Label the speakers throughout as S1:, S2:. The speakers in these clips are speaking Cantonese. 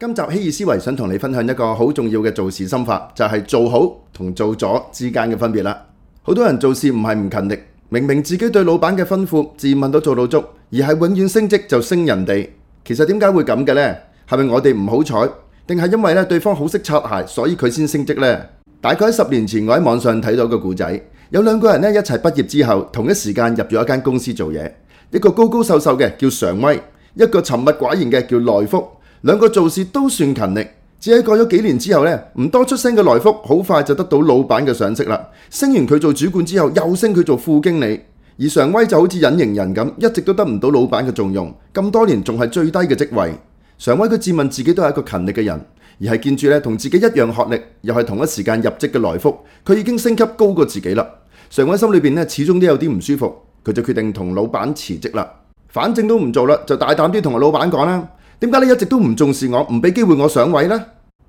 S1: 今集希爾思維想同你分享一個好重要嘅做事心法，就係做好同做咗之間嘅分別啦。好多人做事唔係唔勤力，明明自己對老闆嘅吩咐自問都做到足，而係永遠升職就升人哋。其實點解會咁嘅呢？係咪我哋唔好彩？定係因為咧對方好識擦鞋，所以佢先升職呢？大概喺十年前，我喺網上睇到個故仔，有兩個人咧一齊畢業之後，同一時間入咗一間公司做嘢，一個高高瘦瘦嘅叫常威，一個沉默寡言嘅叫來福。兩個做事都算勤力，只係過咗幾年之後咧，唔多出聲嘅來福好快就得到老闆嘅賞識啦，升完佢做主管之後，又升佢做副經理。而常威就好似隱形人咁，一直都得唔到老闆嘅重用，咁多年仲係最低嘅職位。常威佢自問自己都係一個勤力嘅人，而係見住咧，同自己一樣學歷，又係同一時間入職嘅來福，佢已經升級高過自己啦。常威心裏邊咧，始終都有啲唔舒服，佢就決定同老闆辭職啦。反正都唔做啦，就大膽啲同老闆講啦。點解你一直都唔重視我，唔俾機會我上位呢？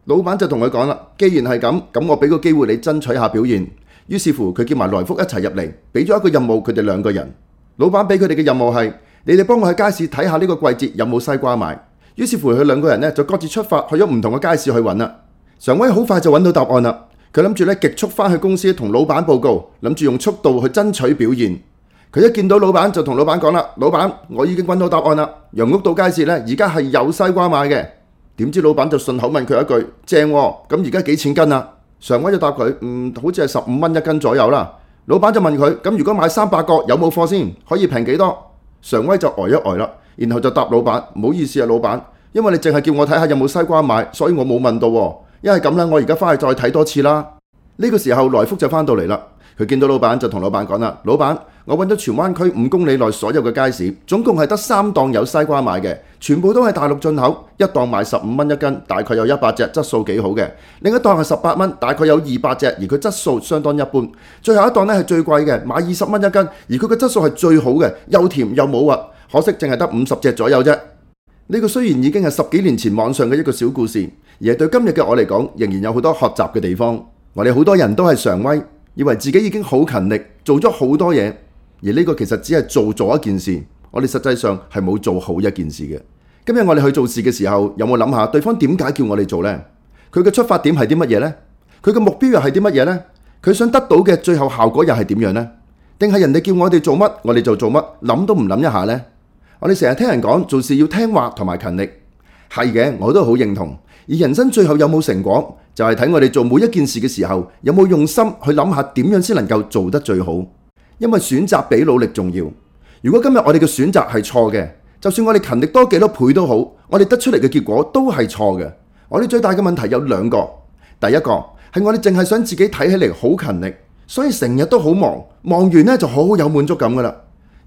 S1: 老闆就同佢講啦，既然係咁，咁我俾個機會你爭取下表現。於是乎，佢叫埋來福一齊入嚟，俾咗一個任務佢哋兩個人。老闆俾佢哋嘅任務係，你哋幫我喺街市睇下呢個季節有冇西瓜賣。於是乎，佢兩個人咧就各自出發去咗唔同嘅街市去揾啦。常威好快就揾到答案啦，佢諗住咧極速翻去公司同老闆報告，諗住用速度去爭取表現。佢一見到老闆就同老闆講啦，老闆我已經揾到答案啦。楊屋道街市呢，而家係有西瓜賣嘅。點知老闆就順口問佢一句：正、哦，咁而家幾錢斤啊？常威就答佢：嗯，好似係十五蚊一斤左右啦。老闆就問佢：咁如果買三百個有冇貨先？可以平幾多？常威就呆一呆啦，然後就答老闆：唔好意思啊，老闆，因為你淨係叫我睇下有冇西瓜賣，所以我冇問到、哦。因為咁啦，我而家翻去再睇多次啦。呢、這個時候，來福就翻到嚟啦。佢見到老闆就同老闆講啦，老闆。我揾咗荃灣區五公里內所有嘅街市，總共係得三檔有西瓜賣嘅，全部都係大陸進口。一檔賣十五蚊一斤，大概有一百隻，質素幾好嘅；另一檔係十八蚊，大概有二百隻，而佢質素相當一般。最後一檔呢係最貴嘅，賣二十蚊一斤，而佢嘅質素係最好嘅，又甜又冇核，可惜淨係得五十隻左右啫。呢、這個雖然已經係十幾年前網上嘅一個小故事，而係對今日嘅我嚟講，仍然有好多學習嘅地方。我哋好多人都係常威，以為自己已經好勤力，做咗好多嘢。而呢個其實只係做咗一件事，我哋實際上係冇做好一件事嘅。今日我哋去做事嘅時候，有冇諗下對方點解叫我哋做呢？佢嘅出發點係啲乜嘢呢？佢嘅目標又係啲乜嘢呢？佢想得到嘅最後效果又係點樣呢？定係人哋叫我哋做乜，我哋就做乜，諗都唔諗一下呢？我哋成日聽人講，做事要聽話同埋勤力，係嘅，我都好認同。而人生最後有冇成果，就係睇我哋做每一件事嘅時候有冇用心去諗下點樣先能夠做得最好。因為選擇比努力重要。如果今日我哋嘅選擇係錯嘅，就算我哋勤力多幾多倍都好，我哋得出嚟嘅結果都係錯嘅。我哋最大嘅問題有兩個，第一個係我哋淨係想自己睇起嚟好勤力，所以成日都好忙，忙完咧就好好有滿足感噶啦。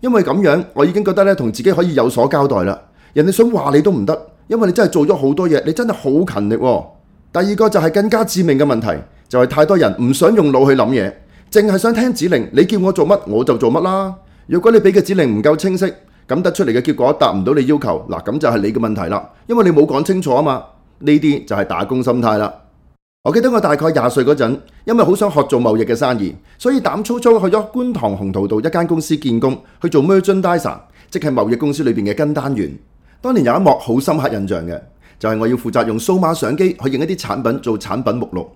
S1: 因為咁樣，我已經覺得咧同自己可以有所交代啦。人哋想話你都唔得，因為你真係做咗好多嘢，你真係好勤力。第二個就係更加致命嘅問題，就係太多人唔想用腦去諗嘢。淨係想聽指令，你叫我做乜我就做乜啦。如果你俾嘅指令唔夠清晰，咁得出嚟嘅結果達唔到你要求，嗱咁就係你嘅問題啦。因為你冇講清楚啊嘛，呢啲就係打工心態啦。我記得我大概廿歲嗰陣，因為好想學做貿易嘅生意，所以膽粗粗去咗觀塘鴻圖道一間公司見工去做 merchandiser 即係貿易公司裏邊嘅跟單員。當年有一幕好深刻印象嘅，就係、是、我要負責用數碼相機去影一啲產品做產品目錄。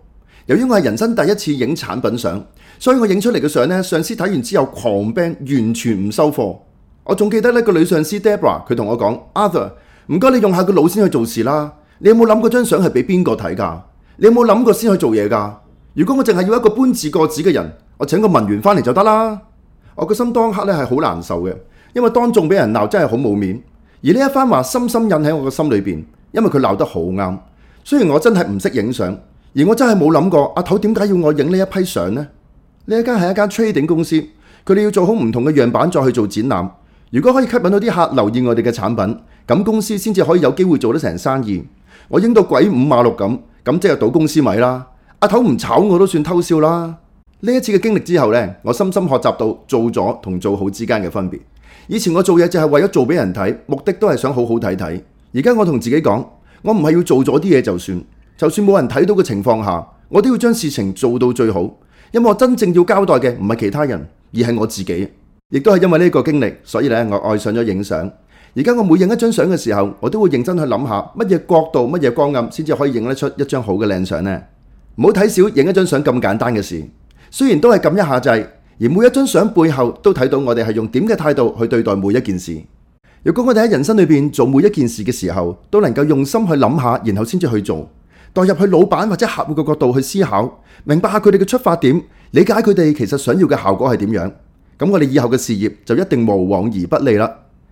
S1: 由於我係人生第一次影產品相，所以我影出嚟嘅相呢，上司睇完之後狂 ban，完全唔收貨。我仲記得呢個女上司 Deborah 佢同我講：「Arthur，唔該你用下個腦先去做事啦。你有冇諗過張相係俾邊個睇噶？你有冇諗過先去做嘢噶？如果我淨係要一個搬字過紙嘅人，我請個文員翻嚟就得啦。我個心當刻呢係好難受嘅，因為當眾俾人鬧真係好冇面。而呢一番話深深印喺我個心裏邊，因為佢鬧得好啱。雖然我真係唔識影相。而我真係冇諗過，阿頭點解要我影呢一批相呢？呢一間係一間 trading 公司，佢哋要做好唔同嘅樣板再去做展覽。如果可以吸引到啲客留意我哋嘅產品，咁公司先至可以有機會做得成生意。我影到鬼五馬六咁，咁即係賭公司米啦。阿頭唔炒我都算偷笑啦。呢一次嘅經歷之後呢，我深深學習到做咗同做好之間嘅分別。以前我做嘢就係為咗做俾人睇，目的都係想好好睇睇。而家我同自己講，我唔係要做咗啲嘢就算。就算冇人睇到嘅情況下，我都要將事情做到最好，因為我真正要交代嘅唔係其他人，而係我自己。亦都係因為呢個經歷，所以咧我愛上咗影相。而家我每影一張相嘅時候，我都會認真去諗下乜嘢角度、乜嘢光暗，先至可以影得出一張好嘅靚相呢？唔好睇少影一張相咁簡單嘅事，雖然都係撳一下掣，而每一張相背後都睇到我哋係用點嘅態度去對待每一件事。如果我哋喺人生裏邊做每一件事嘅時候都能夠用心去諗下，然後先至去做。代入去老闆或者客戶嘅角度去思考，明白下佢哋嘅出發點，理解佢哋其實想要嘅效果係點樣。咁我哋以後嘅事業就一定無往而不利啦。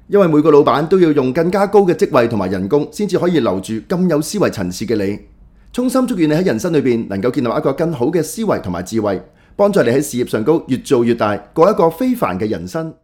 S1: 因為每個老闆都要用更加高嘅職位同埋人工，先至可以留住咁有思維層次嘅你。衷心祝願你喺人生裏邊能夠建立一個更好嘅思維同埋智慧，幫助你喺事業上高越做越大，過一個非凡嘅人生。